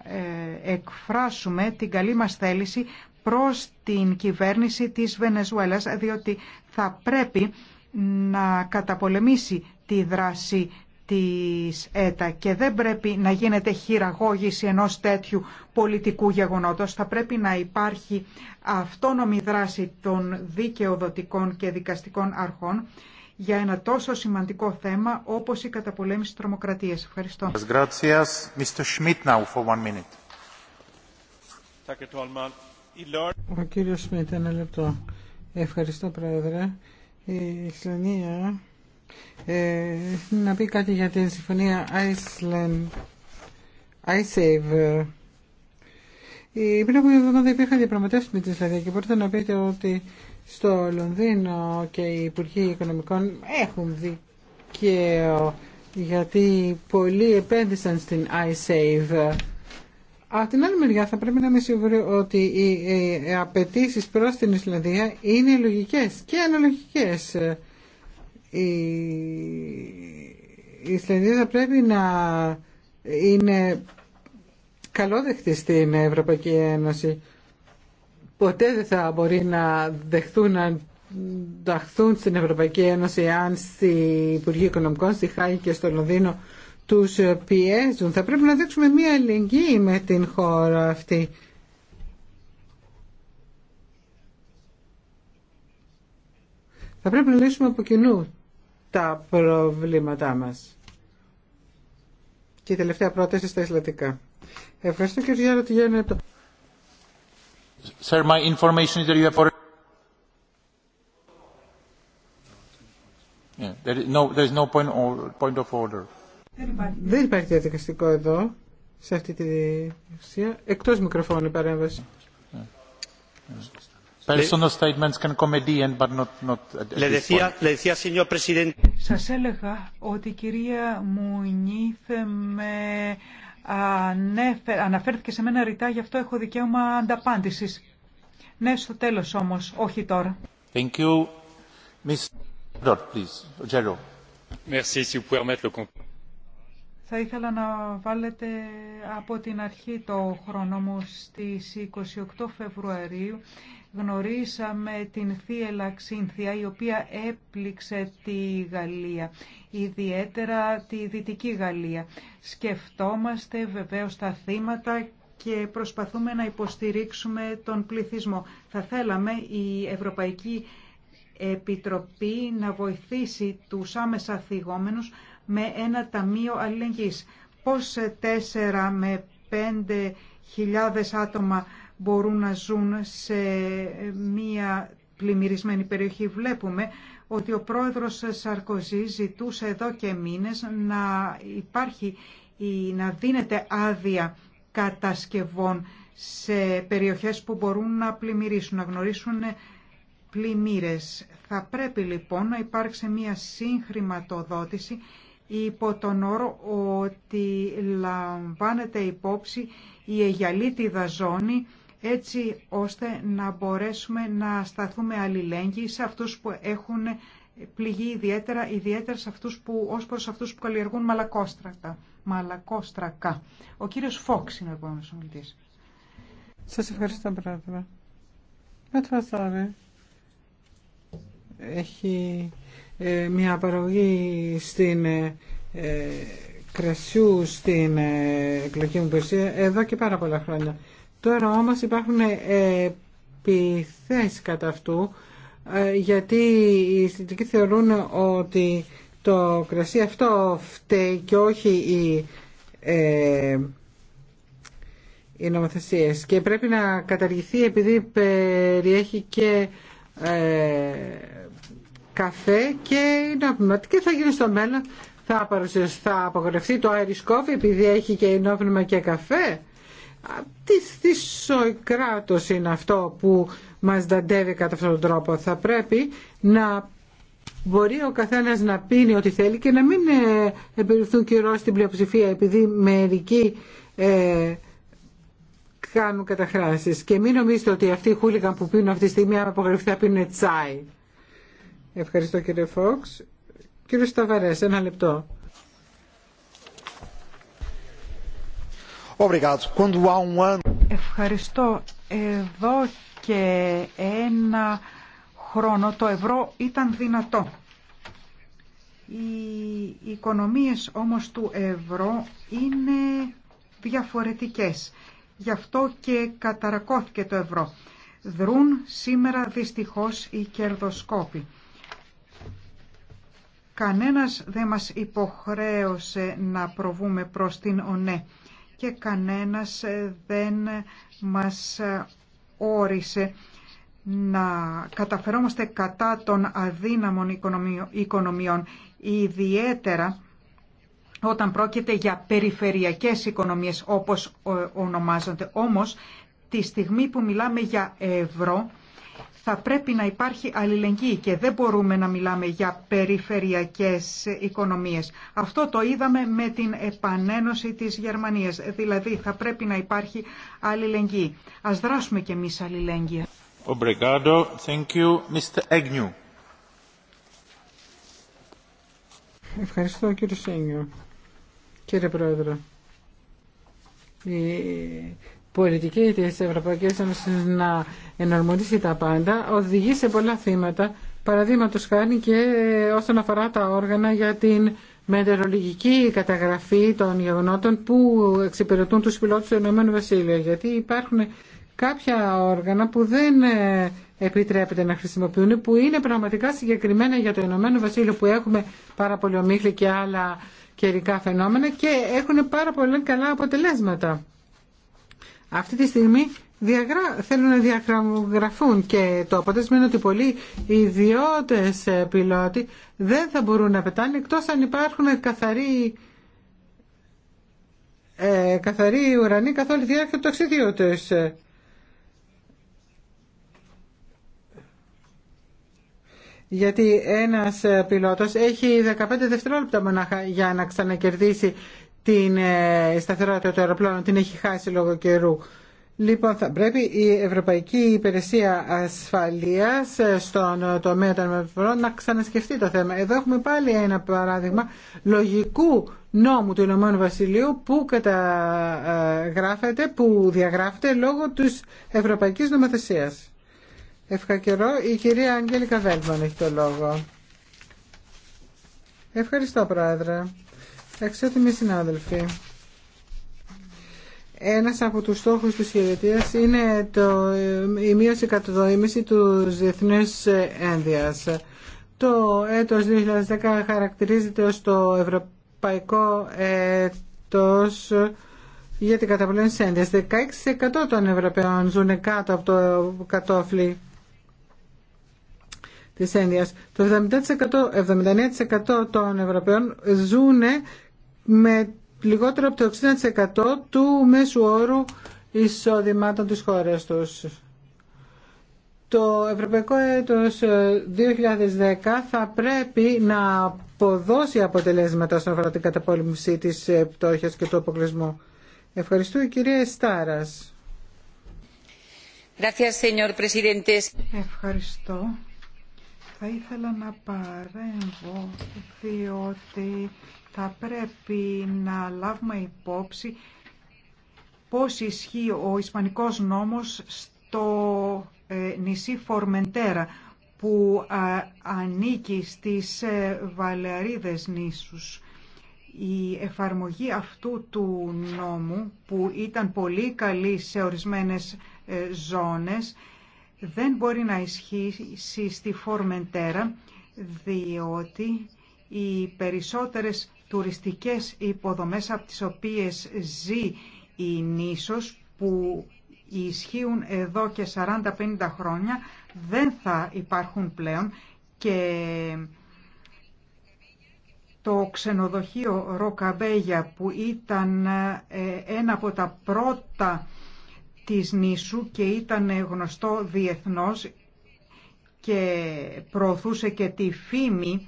ε, εκφράσουμε την καλή μας θέληση προς την κυβέρνηση της Βενεζουέλας, διότι θα πρέπει να καταπολεμήσει τη δράση της ΕΤΑ και δεν πρέπει να γίνεται χειραγώγηση ενός τέτοιου πολιτικού γεγονότος. Θα πρέπει να υπάρχει αυτόνομη δράση των δικαιοδοτικών και δικαστικών αρχών για ένα τόσο σημαντικό θέμα όπως η καταπολέμηση της τρομοκρατίας. Ευχαριστώ. Ο κύριος Σμίτ, ένα λεπτό. Ευχαριστώ, Πρόεδρε. Η Ισλανία ε, να πει κάτι για την συμφωνία Iceland iSave. Ε, πριν από εβδομάδα υπήρχαν διαπραγματεύσει με τη Ισλανδία και μπορείτε να πείτε ότι στο Λονδίνο και οι Υπουργοί Οικονομικών έχουν δικαίω γιατί πολλοί επένδυσαν στην iSave. Από την άλλη μεριά θα πρέπει να είμαι σίγουρη ότι οι απαιτήσει προς την Ισλανδία είναι λογικές και αναλογικές. Η Ισλανδία θα πρέπει να είναι καλόδεκτη στην Ευρωπαϊκή Ένωση ποτέ δεν θα μπορεί να δεχθούν να ταχθούν στην Ευρωπαϊκή Ένωση αν στη Υπουργή Οικονομικών, στη Χάγη και στο Λονδίνο τους πιέζουν. Θα πρέπει να δείξουμε μία αλληλεγγύη με την χώρα αυτή. Θα πρέπει να λύσουμε από κοινού τα προβλήματά μας. Και η τελευταία πρόταση στα Ισλατικά. Ευχαριστώ κύριε Γιάννη. Sir, my information is that you have already... Yeah, there is no, there is no point, point of order. Δεν υπάρχει διαδικαστικό εδώ, σε αυτή τη διευθυνσία. εκτός μικροφώνου παρέμβαση. Personal statements can come at the end, but not, not at le decía, le decía, señor presidente. Σας έλεγα ότι η κυρία Μουνίθε με ναι, αναφέρθηκε σε μένα ρητά, γι' αυτό έχω δικαίωμα ανταπάντησης. Ναι, στο τέλος όμως, όχι τώρα. Thank you. Please. Merci, si θα ήθελα να βάλετε από την αρχή το χρόνο μου στις 28 Φεβρουαρίου γνωρίσαμε την θύελα Ξύνθια η οποία έπληξε τη Γαλλία, ιδιαίτερα τη Δυτική Γαλλία. Σκεφτόμαστε βεβαίως τα θύματα και προσπαθούμε να υποστηρίξουμε τον πληθυσμό. Θα θέλαμε η Ευρωπαϊκή Επιτροπή να βοηθήσει τους άμεσα θυγόμενους με ένα ταμείο αλληλεγγύης. Πώς τέσσερα με πέντε χιλιάδες άτομα μπορούν να ζουν σε μία πλημμυρισμένη περιοχή. Βλέπουμε ότι ο πρόεδρος Σαρκοζή ζητούσε εδώ και μήνες να υπάρχει ή να δίνεται άδεια κατασκευών σε περιοχές που μπορούν να πλημμυρίσουν, να γνωρίσουν πλημμύρες. Θα πρέπει λοιπόν να υπάρξει μια συγχρηματοδότηση υπό τον όρο ότι λαμβάνεται υπόψη η αιγιαλίτιδα ζώνη έτσι ώστε να μπορέσουμε να σταθούμε αλληλέγγυοι σε αυτούς που έχουν πληγεί ιδιαίτερα, ιδιαίτερα σε αυτούς που, ως προς αυτούς που καλλιεργούν μαλακόστρακα. Ο κύριος Φόξ είναι ο επόμενος ομιλητής. Σας ευχαριστώ πρόεδρε. έχει ε, μια παραγωγή στην ε, κρασιού στην ε, εκλογική μου εδώ και πάρα πολλά χρόνια. Τώρα όμως υπάρχουν ε, επιθέσεις κατά αυτού ε, γιατί οι αισθητικοί θεωρούν ότι το κρασί αυτό φταίει και όχι οι, ε, και πρέπει να καταργηθεί επειδή περιέχει και ε, καφέ και είναι απειματικό και θα γίνει στο μέλλον θα, απογορευτεί το Irish Coffee επειδή έχει και ενόπνευμα και καφέ. Τι κράτος είναι αυτό που μας δαντεύει κατά αυτόν τον τρόπο. Θα πρέπει να μπορεί ο καθένας να πίνει ό,τι θέλει και να μην εμπεριφθούν κυρώ στην πλειοψηφία επειδή μερικοί ε, κάνουν καταχράσεις. Και μην νομίζετε ότι αυτοί οι χούλιγαν που πίνουν αυτή τη στιγμή αν απογορευτεί θα πίνουν τσάι. Ευχαριστώ κύριε Φόξ. Κύριε Σταβαρές, ένα λεπτό. Um Ευχαριστώ. Εδώ και ένα χρόνο το ευρώ ήταν δυνατό. Οι οικονομίες όμως του ευρώ είναι διαφορετικές. Γι' αυτό και καταρακώθηκε το ευρώ. Δρούν σήμερα δυστυχώς οι κερδοσκόποι. Κανένας δεν μας υποχρέωσε να προβούμε προς την ΟΝΕ και κανένας δεν μας όρισε να καταφερόμαστε κατά των αδύναμων οικονομιών, ιδιαίτερα όταν πρόκειται για περιφερειακές οικονομίες όπως ονομάζονται. Όμως, τη στιγμή που μιλάμε για ευρώ, θα πρέπει να υπάρχει αλληλεγγύη και δεν μπορούμε να μιλάμε για περιφερειακές οικονομίες. Αυτό το είδαμε με την επανένωση της Γερμανίας. Δηλαδή θα πρέπει να υπάρχει αλληλεγγύη. Ας δράσουμε και εμείς αλληλέγγυα. Obrigado. Thank you. Mr. Agnew. Ευχαριστώ κύριε Σένιο. Κύριε Πρόεδρε πολιτική της Ευρωπαϊκής Ένωσης να ενορμονίσει τα πάντα οδηγεί σε πολλά θύματα, παραδείγματο χάνει και όσον αφορά τα όργανα για την μετεωρολογική καταγραφή των γεγονότων που εξυπηρετούν τους πιλότους του Ηνωμένου Βασίλειου, γιατί υπάρχουν κάποια όργανα που δεν ε, επιτρέπεται να χρησιμοποιούν, που είναι πραγματικά συγκεκριμένα για το Ηνωμένο Βασίλειο που έχουμε πάρα πολύ ομίχλη και άλλα καιρικά φαινόμενα και έχουν πάρα πολύ καλά αποτελέσματα. Αυτή τη στιγμή διαγρα... θέλουν να διαγραφούν και το αποτέλεσμα είναι ότι πολλοί ιδιώτες πιλότοι δεν θα μπορούν να πετάνε εκτός αν υπάρχουν καθαροί ε, καθαροί ουρανοί καθ' όλη τη διάρκεια του ταξιδιού Γιατί ένας πιλότος έχει 15 δευτερόλεπτα μονάχα για να ξανακερδίσει την ε, σταθερότητα του αεροπλάνου, την έχει χάσει λόγω καιρού. Λοιπόν, θα πρέπει η Ευρωπαϊκή Υπηρεσία Ασφαλείας ε, στον ε, τομέα των μεταφορών να ξανασκεφτεί το θέμα. Εδώ έχουμε πάλι ένα παράδειγμα λογικού νόμου του Ηνωμένου Βασιλείου που καταγράφεται, που διαγράφεται λόγω της Ευρωπαϊκής Νομοθεσίας. Ευχαριστώ. Η κυρία Αγγέλικα Βέλμαν έχει το λόγο. Ευχαριστώ, Πρόεδρε. Εξότιμοι συνάδελφοι, ένας από τους στόχους της Σχεδιατίας είναι το, η μείωση κατά το ίμιση του διεθνής Το έτος 2010 χαρακτηρίζεται ως το ευρωπαϊκό έτος για την καταπολέμηση ένδυας. 16% των Ευρωπαίων ζουν κάτω από το κατόφλι της ένδυας. Το 79% των Ευρωπαίων ζουν με λιγότερο από το 60% του μέσου όρου εισοδημάτων της χώρας τους. Το Ευρωπαϊκό Έτος 2010 ε, θα πρέπει να αποδώσει αποτελέσματα στον αφορά την καταπόλυμψη της ε, πτώχειας και του αποκλεισμού. Ευχαριστώ η κυρία Στάρας. Ευχαριστώ. Θα ήθελα να παρέμβω διότι θα πρέπει να λάβουμε υπόψη πώς ισχύει ο Ισπανικός νόμος στο ε, νησί Φορμεντέρα που ε, ανήκει στις ε, Βαλεαρίδες νήσους. Η εφαρμογή αυτού του νόμου που ήταν πολύ καλή σε ορισμένες ζώνες δεν μπορεί να ισχύσει στη Φορμεντέρα διότι οι περισσότερες τουριστικές υποδομές από τις οποίες ζει η νήσος που ισχύουν εδώ και 40-50 χρόνια δεν θα υπάρχουν πλέον και το ξενοδοχείο Ροκαμπέγια που ήταν ε, ένα από τα πρώτα της νήσου και ήταν γνωστό διεθνώς και προωθούσε και τη φήμη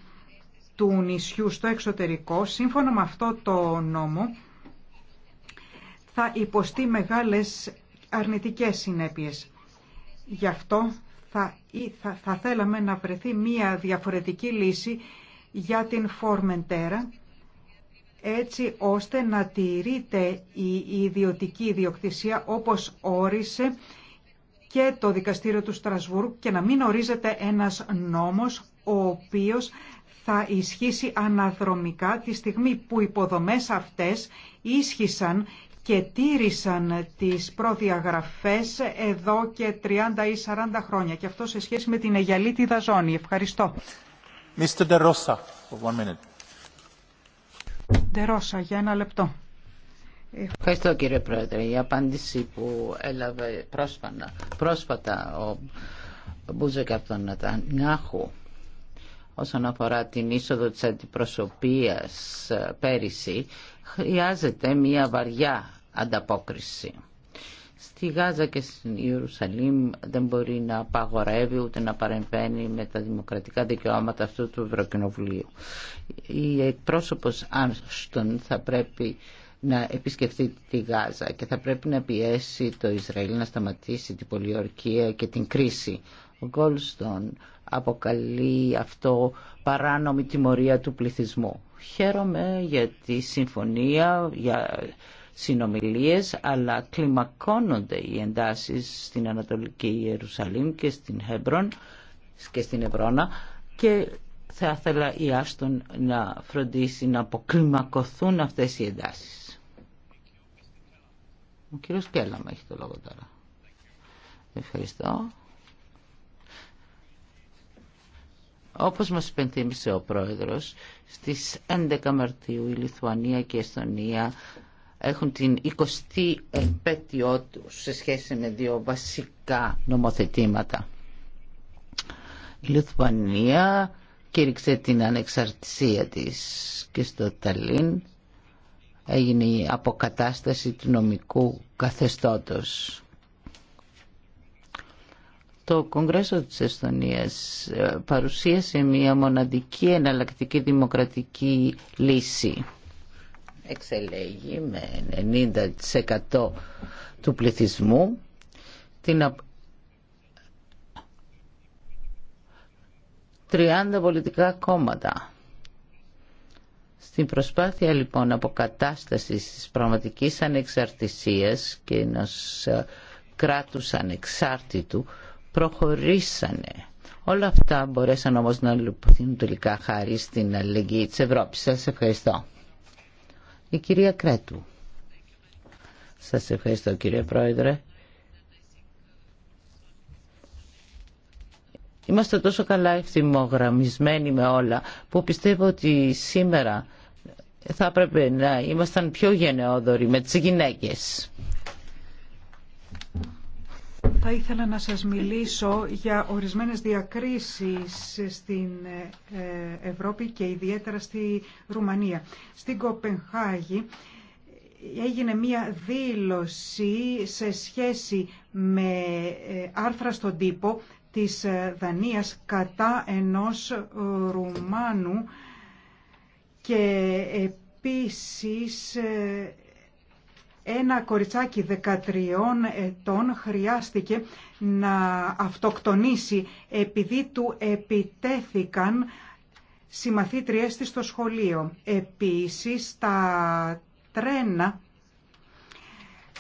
του νησιού στο εξωτερικό, σύμφωνα με αυτό το νόμο, θα υποστεί μεγάλες αρνητικές συνέπειες. Γι' αυτό θα, θα, θέλαμε να βρεθεί μία διαφορετική λύση για την Φορμεντέρα, έτσι ώστε να τηρείται η ιδιωτική ιδιοκτησία όπως όρισε και το δικαστήριο του Στρασβούρου και να μην ορίζεται ένας νόμος ο οποίος θα ισχύσει αναδρομικά τη στιγμή που οι υποδομές αυτές ίσχυσαν και τήρησαν τις προδιαγραφές εδώ και 30 ή 40 χρόνια. Και αυτό σε σχέση με την Αιγιαλίτιδα ζώνη. Ευχαριστώ. Mr. De Rosa, for one minute. De Rosa, για ένα λεπτό. Ευχαριστώ κύριε Πρόεδρε. Η απάντηση που έλαβε πρόσφατα, πρόσφατα ο Μπούζεκ από τον Νατανιάχου όσον αφορά την είσοδο της αντιπροσωπείας ε, πέρυσι χρειάζεται μια βαριά ανταπόκριση. Στη Γάζα και στην Ιερουσαλήμ δεν μπορεί να απαγορεύει ούτε να παρεμβαίνει με τα δημοκρατικά δικαιώματα αυτού του Ευρωκοινοβουλίου. Η εκπρόσωπος Άνστον θα πρέπει να επισκεφτεί τη Γάζα και θα πρέπει να πιέσει το Ισραήλ να σταματήσει την πολιορκία και την κρίση. Γκόλστον αποκαλεί αυτό παράνομη τιμωρία του πληθυσμού. Χαίρομαι για τη συμφωνία, για συνομιλίες, αλλά κλιμακώνονται οι εντάσεις στην Ανατολική Ιερουσαλήμ και στην Χέμπρον και στην Ευρώνα και θα ήθελα η Άστον να φροντίσει να αποκλιμακωθούν αυτές οι εντάσεις. Ο κύριος Κέλαμα έχει το λόγο τώρα. Ευχαριστώ. Όπως μας υπενθύμισε ο Πρόεδρος, στις 11 Μαρτίου η Λιθουανία και η Εσθονία έχουν την 20η επέτειό τους σε σχέση με δύο βασικά νομοθετήματα. Η Λιθουανία κήρυξε την ανεξαρτησία της και στο Ταλίν έγινε η αποκατάσταση του νομικού καθεστώτος το Κογκρέσο της Εστονίας ε, παρουσίασε μια μοναδική εναλλακτική δημοκρατική λύση. Εξελέγει με 90% του πληθυσμού την 30 πολιτικά κόμματα. Στην προσπάθεια λοιπόν αποκατάστασης της πραγματικής ανεξαρτησίας και ενός ε, κράτους ανεξάρτητου προχωρήσανε. Όλα αυτά μπορέσαν όμως να λουποθούν τελικά χάρη στην αλληλεγγύη της Ευρώπης. Σας ευχαριστώ. Η κυρία Κρέτου. Σας ευχαριστώ κύριε Πρόεδρε. Είμαστε τόσο καλά ευθυμογραμμισμένοι με όλα που πιστεύω ότι σήμερα θα έπρεπε να ήμασταν πιο γενναιόδοροι με τις γυναίκες. Θα ήθελα να σας μιλήσω για ορισμένες διακρίσεις στην ε, Ευρώπη και ιδιαίτερα στη Ρουμανία. Στην Κοπενχάγη έγινε μία δήλωση σε σχέση με ε, άρθρα στον τύπο της ε, Δανίας κατά ενός Ρουμάνου και επίσης ένα κοριτσάκι 13 ετών χρειάστηκε να αυτοκτονήσει επειδή του επιτέθηκαν συμμαθήτριές της στο σχολείο. Επίσης, τα τρένα,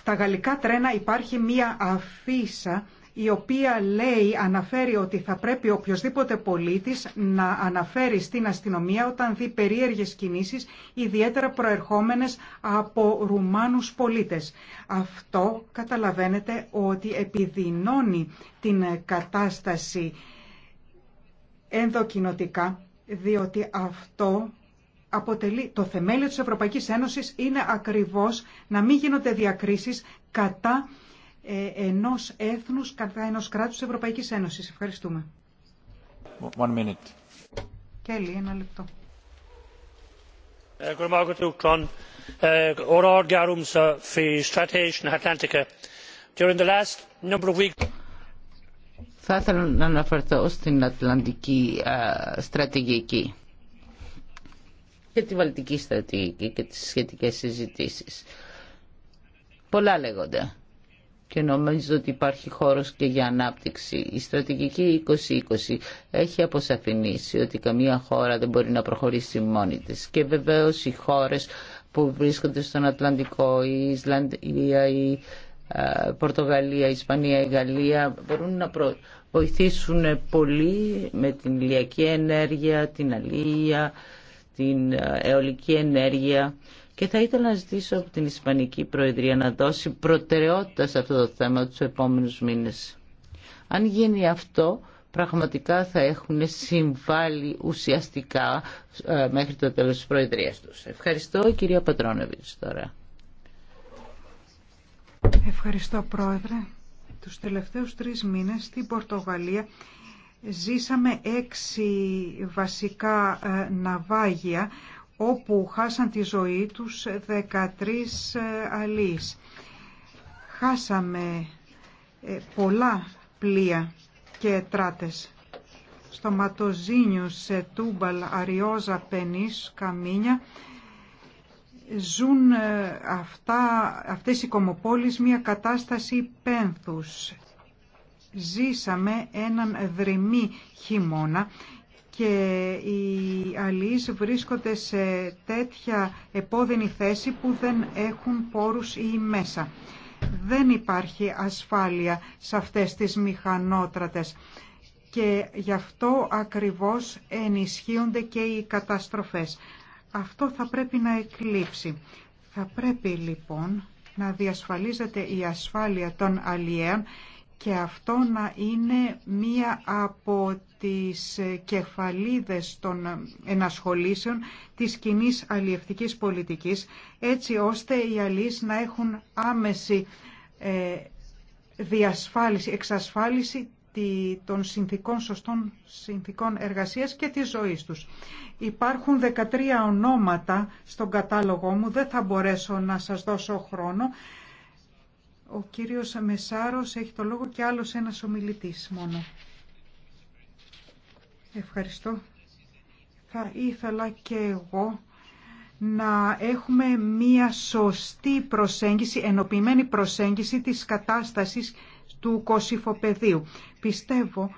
τα γαλλικά τρένα υπάρχει μία αφίσα η οποία λέει, αναφέρει ότι θα πρέπει οποιοδήποτε πολίτης να αναφέρει στην αστυνομία όταν δει περίεργες κινήσεις, ιδιαίτερα προερχόμενες από Ρουμάνους πολίτες. Αυτό καταλαβαίνετε ότι επιδεινώνει την κατάσταση ενδοκινοτικά, διότι αυτό αποτελεί το θεμέλιο της Ευρωπαϊκής Ένωσης είναι ακριβώς να μην γίνονται διακρίσεις κατά ε, ενός έθνους κατά ενός κράτους ευρωπαϊκή Ένωσης. Ευχαριστούμε. One minute. ένα λεπτό. Θα ήθελα να αναφερθώ στην Ατλαντική ε, στρατηγική και τη Βαλτική στρατηγική και τις σχετικές συζητήσεις. Πολλά λέγονται και νομίζω ότι υπάρχει χώρος και για ανάπτυξη. Η στρατηγική 2020 έχει αποσαφηνίσει ότι καμία χώρα δεν μπορεί να προχωρήσει μόνη της και βεβαίως οι χώρες που βρίσκονται στον Ατλαντικό, η Ισλανδία, η ε, Πορτογαλία, η Ισπανία, η Γαλλία μπορούν να βοηθήσουν πολύ με την ηλιακή ενέργεια, την αλληλεία, την ε, αιωλική ενέργεια και θα ήθελα να ζητήσω από την Ισπανική Προεδρία να δώσει προτεραιότητα σε αυτό το θέμα τους επόμενους μήνες. Αν γίνει αυτό, πραγματικά θα έχουν συμβάλει ουσιαστικά ε, μέχρι το τέλος της Προεδρίας τους. Ευχαριστώ, κυρία Πατρόνεβιτς, τώρα. Ευχαριστώ, Πρόεδρε. Τους τελευταίους τρεις μήνες στην Πορτογαλία ζήσαμε έξι βασικά ε, ναυάγια όπου χάσαν τη ζωή τους 13 ε, αλείς. Χάσαμε ε, πολλά πλοία και τράτες. Στο Ματοζίνιο, σε Τούμπαλ, Αριόζα, Πενής, Καμίνια ζουν ε, αυτά, αυτές οι κομοπόλεις μια κατάσταση πένθους. Ζήσαμε έναν δρυμή χειμώνα και οι αλείς βρίσκονται σε τέτοια επώδυνη θέση που δεν έχουν πόρους ή μέσα. Δεν υπάρχει ασφάλεια σε αυτές τις μηχανότρατες και γι' αυτό ακριβώς ενισχύονται και οι καταστροφές. Αυτό θα πρέπει να εκλείψει. Θα πρέπει λοιπόν να διασφαλίζεται η ασφάλεια των αλιέων και αυτό να είναι μία από τις κεφαλίδες των ενασχολήσεων της κοινή αλλιευτικής πολιτικής, έτσι ώστε οι αλλιείς να έχουν άμεση ε, διασφάλιση, εξασφάλιση των συνθήκων, σωστών συνθήκων εργασίας και της ζωής τους. Υπάρχουν 13 ονόματα στον κατάλογό μου, δεν θα μπορέσω να σας δώσω χρόνο. Ο κύριος Μεσάρος έχει το λόγο και άλλος ένας ομιλητής μόνο. Ευχαριστώ. Θα ήθελα και εγώ να έχουμε μία σωστή προσέγγιση, ενοποιημένη προσέγγιση της κατάστασης του κοσυφοπεδίου. Πιστεύω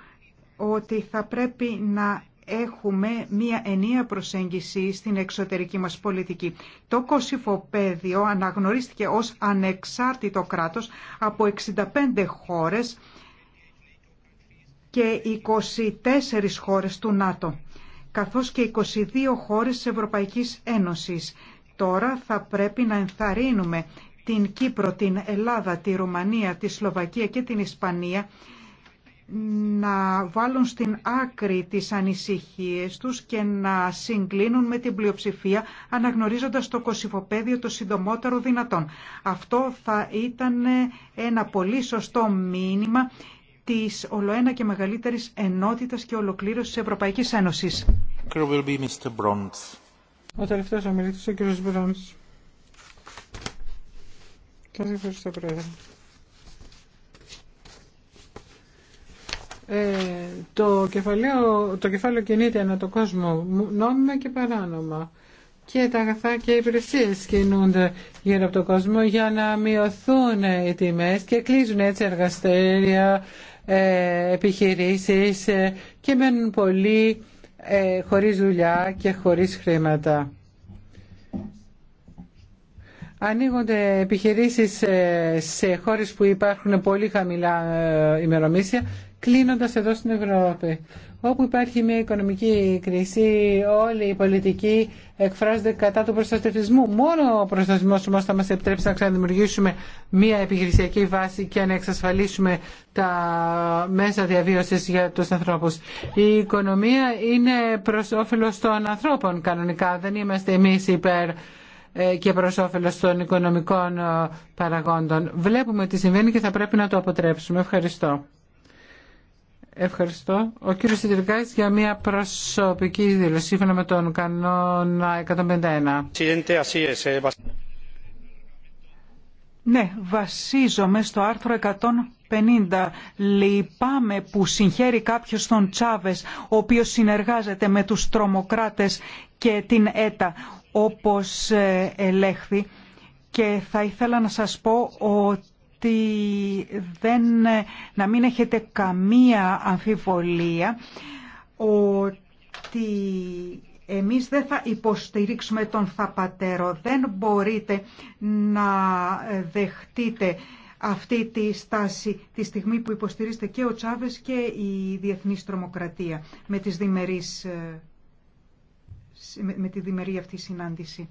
ότι θα πρέπει να έχουμε μία ενία προσέγγιση στην εξωτερική μας πολιτική. Το Κωσυφοπαίδιο αναγνωρίστηκε ως ανεξάρτητο κράτος από 65 χώρες και 24 χώρες του ΝΑΤΟ, καθώς και 22 χώρες της Ευρωπαϊκής Ένωσης. Τώρα θα πρέπει να ενθαρρύνουμε την Κύπρο, την Ελλάδα, τη Ρουμανία, τη Σλοβακία και την Ισπανία να βάλουν στην άκρη τις ανησυχίες τους και να συγκλίνουν με την πλειοψηφία αναγνωρίζοντας το κοσυφοπαίδιο το συντομότερο δυνατόν. Αυτό θα ήταν ένα πολύ σωστό μήνυμα της ολοένα και μεγαλύτερης ενότητας και ολοκλήρωσης της Ευρωπαϊκής Ένωσης. Ο τελευταίος κ. Μπρόντς. Ε, το, κεφαλαίο, το κεφάλαιο κινείται ανά το κόσμο νόμιμα και παράνομα και τα αγαθά και οι υπηρεσίε κινούνται γύρω από τον κόσμο για να μειωθούν οι τιμές και κλείζουν έτσι εργαστήρια, ε, επιχειρήσεις ε, και μένουν πολλοί χωρίς δουλειά και χωρίς χρήματα. Ανοίγονται επιχειρήσεις σε χώρες που υπάρχουν πολύ χαμηλά ημερομίσια Κλείνοντα εδώ στην Ευρώπη. Όπου υπάρχει μια οικονομική κρίση, όλοι οι πολιτικοί εκφράζονται κατά του προστατευτισμού. Μόνο ο προστατευτισμό όμω θα μα επιτρέψει να ξαναδημιουργήσουμε μια επιχειρησιακή βάση και να εξασφαλίσουμε τα μέσα διαβίωση για του ανθρώπου. Η οικονομία είναι προ όφελο των ανθρώπων κανονικά. Δεν είμαστε εμεί υπέρ ε, και προ όφελο των οικονομικών ε, παραγόντων. Βλέπουμε τι συμβαίνει και θα πρέπει να το αποτρέψουμε. Ευχαριστώ. Ευχαριστώ. Ο κύριος Σιτρικάκης για μια προσωπική δήλωση σύμφωνα με τον κανόνα 151. Eh, ναι, βασίζομαι στο άρθρο 150. Λυπάμαι που συγχαίρει κάποιος τον Τσάβες, ο οποίος συνεργάζεται με τους τρομοκράτες και την ΕΤΑ, όπως ε, ελέγχθη. Και θα ήθελα να σας πω ότι δεν, να μην έχετε καμία αμφιβολία ότι εμείς δεν θα υποστηρίξουμε τον Θαπατέρο. Δεν μπορείτε να δεχτείτε αυτή τη στάση τη στιγμή που υποστηρίζετε και ο Τσάβες και η διεθνής τρομοκρατία με, τις διμερείς, με τη διμερή αυτή συνάντηση.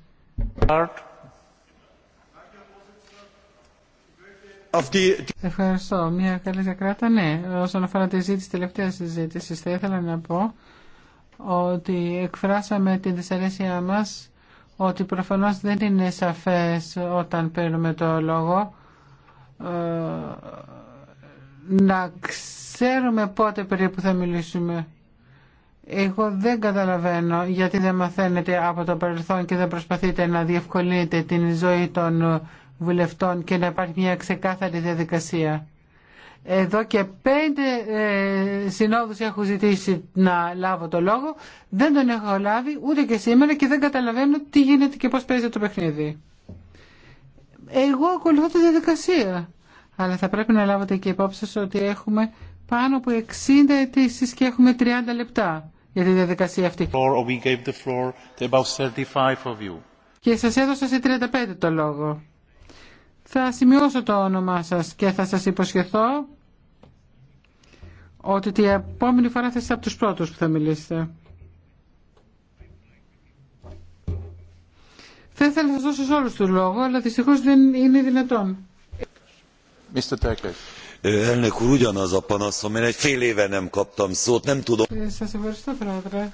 Ευχαριστώ. Μια καλή διακράτα. Ναι, όσον αφορά τη ζήτηση, τελευταία συζήτηση, θα ήθελα να πω ότι εκφράσαμε την δυσαρέσκειά μας ότι προφανώς δεν είναι σαφές όταν παίρνουμε το λόγο ε, να ξέρουμε πότε περίπου θα μιλήσουμε. Εγώ δεν καταλαβαίνω γιατί δεν μαθαίνετε από το παρελθόν και δεν προσπαθείτε να διευκολύνετε την ζωή των βουλευτών και να υπάρχει μια ξεκάθαρη διαδικασία. Εδώ και πέντε ε, συνόδους έχω ζητήσει να λάβω το λόγο. Δεν τον έχω λάβει ούτε και σήμερα και δεν καταλαβαίνω τι γίνεται και πώς παίζει το παιχνίδι. Εγώ ακολουθώ τη διαδικασία. Αλλά θα πρέπει να λάβετε και υπόψη σας ότι έχουμε πάνω από 60 αιτήσει και έχουμε 30 λεπτά για τη διαδικασία αυτή. Και σας έδωσα σε 35 το λόγο. Θα σημειώσω το όνομά σας και θα σας υποσχεθώ ότι την επόμενη φορά θα είστε από τους πρώτους που θα μιλήσετε. Θα ήθελα να σας δώσω σε όλους τους λόγους, αλλά δυστυχώς δεν είναι δυνατόν. Elnök Σας ευχαριστώ, πρόεδρε.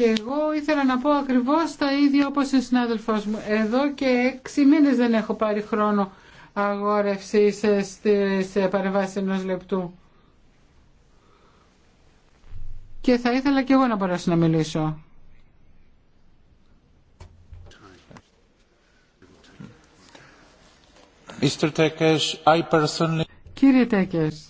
Και εγώ ήθελα να πω ακριβώς τα ίδια όπως ο συνάδελφός μου. Εδώ και έξι μήνες δεν έχω πάρει χρόνο αγόρευσης σε ε, παρεμβάσεις ενός λεπτού. Και θα ήθελα και εγώ να μπορέσω να μιλήσω. Mr. I personally... Κύριε Τέκες,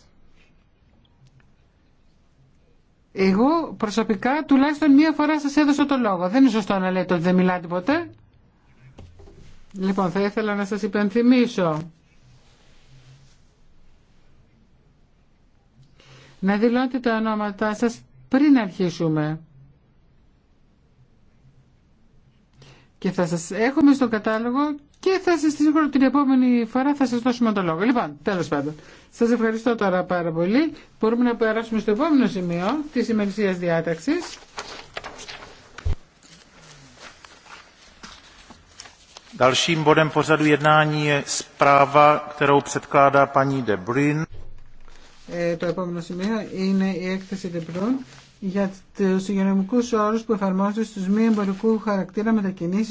εγώ προσωπικά τουλάχιστον μία φορά σας έδωσα το λόγο. Δεν είναι σωστό να λέτε ότι δεν μιλάτε ποτέ. Λοιπόν, θα ήθελα να σας υπενθυμίσω. Να δηλώνετε τα ονόματά σας πριν αρχίσουμε. Και θα σας έχουμε στο κατάλογο και θα σας την επόμενη φορά θα σας δώσουμε το λόγο. Λοιπόν, τέλος πάντων. Σας ευχαριστώ τώρα πάρα πολύ. Μπορούμε να περάσουμε στο επόμενο σημείο της ημερησίας διάταξης. Το επόμενο σημείο είναι η έκθεση De Bruyne για τους υγειονομικούς όρους που εφαρμόζονται στους μη εμπορικού χαρακτήρα μετακινήσεις